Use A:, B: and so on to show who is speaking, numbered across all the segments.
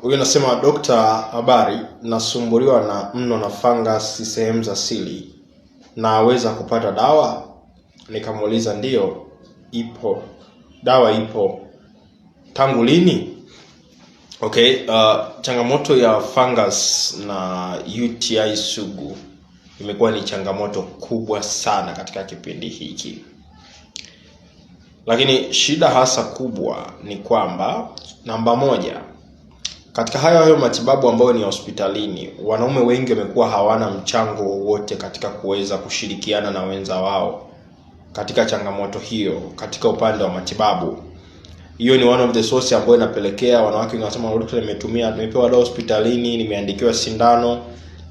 A: Huyu anasema dokta, habari, nasumbuliwa na mno na fangasi sehemu za siri, naweza kupata dawa? Nikamuuliza ndiyo, ipo dawa, ipo. Tangu lini? Okay, uh, changamoto ya fungus na UTI sugu imekuwa ni changamoto kubwa sana katika kipindi hiki, lakini shida hasa kubwa ni kwamba, namba moja katika hayo hayo matibabu ambayo ni hospitalini, wanaume wengi wamekuwa hawana mchango wowote katika kuweza kushirikiana na wenza wao katika changamoto hiyo, katika upande wa matibabu. Hiyo ni one of the source ambayo inapelekea wanawake wengi wanasema, daktari, nimetumia nimepewa dawa hospitalini, nimeandikiwa sindano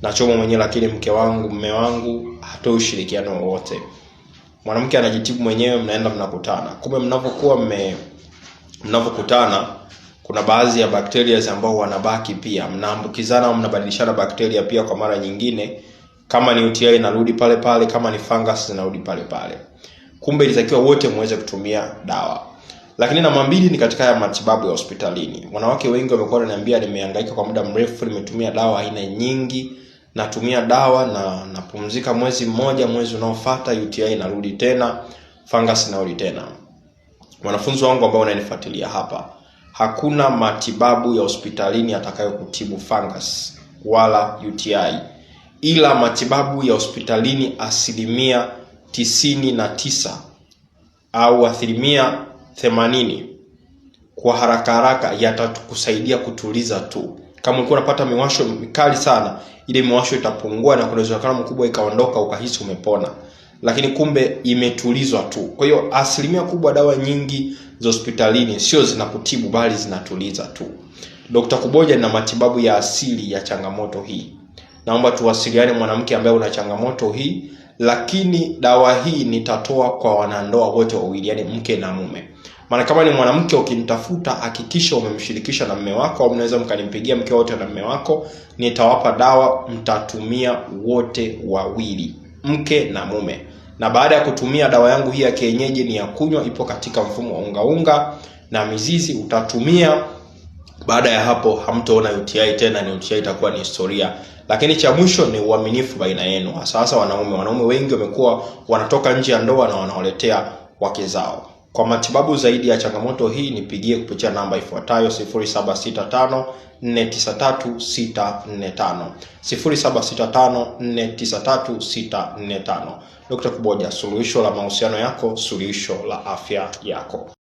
A: na chomo mwenyewe, lakini mke wangu, mme wangu hatoi ushirikiano wowote. Mwanamke anajitibu mwenyewe, mnaenda mnakutana. Kumbe mnapokuwa mme mnapokutana kuna baadhi ya bakteria ambao wanabaki pia, mnaambukizana au mnabadilishana bakteria pia kwa mara nyingine. Kama ni UTI inarudi pale pale, kama ni fungus zinarudi pale pale. Kumbe ilitakiwa wote muweze kutumia dawa. Lakini namba mbili ni katika ya matibabu ya hospitalini. Wanawake wengi wamekuwa wananiambia, nimehangaika kwa muda mrefu, nimetumia dawa aina nyingi, natumia dawa na napumzika mwezi mmoja, mwezi unaofuata UTI inarudi tena, fungus inarudi tena. Wanafunzi wangu ambao wananifuatilia hapa Hakuna matibabu ya hospitalini yatakayokutibu fungus wala UTI, ila matibabu ya hospitalini asilimia tisini na tisa au asilimia themanini kwa haraka haraka yatakusaidia kutuliza tu. Kama ulikuwa unapata miwasho mikali sana, ile miwasho itapungua na kuna uwezekano mkubwa ikaondoka, ukahisi umepona lakini kumbe imetulizwa tu. Kwa hiyo asilimia kubwa dawa nyingi za hospitalini sio zinakutibu bali zinatuliza tu. Dokta Kuboja na matibabu ya asili ya changamoto hii. Naomba tuwasiliane mwanamke ambaye una changamoto hii, lakini dawa hii nitatoa kwa wanandoa wote wawili, yani mke na mume. Maana kama ni mwanamke ukimtafuta, hakikisha umemshirikisha na mme wako, au mnaweza mkanimpigia mke wote na mme wako. Nitawapa dawa, mtatumia wote wawili, mke na mume na baada ya kutumia dawa yangu hii ya kienyeji ni ya kunywa, ipo katika mfumo wa unga unga na mizizi, utatumia baada ya hapo hamtoona UTI tena, ni UTI itakuwa ni historia. Lakini cha mwisho ni uaminifu baina yenu, hasa hasa wanaume. Wanaume wengi wamekuwa wanatoka nje ya ndoa na wanawaletea wake zao. Kwa matibabu zaidi ya changamoto hii nipigie kupitia namba ifuatayo 0765 493645 0765 Dr. Kuboja, suluhisho la mahusiano yako, suluhisho la afya yako.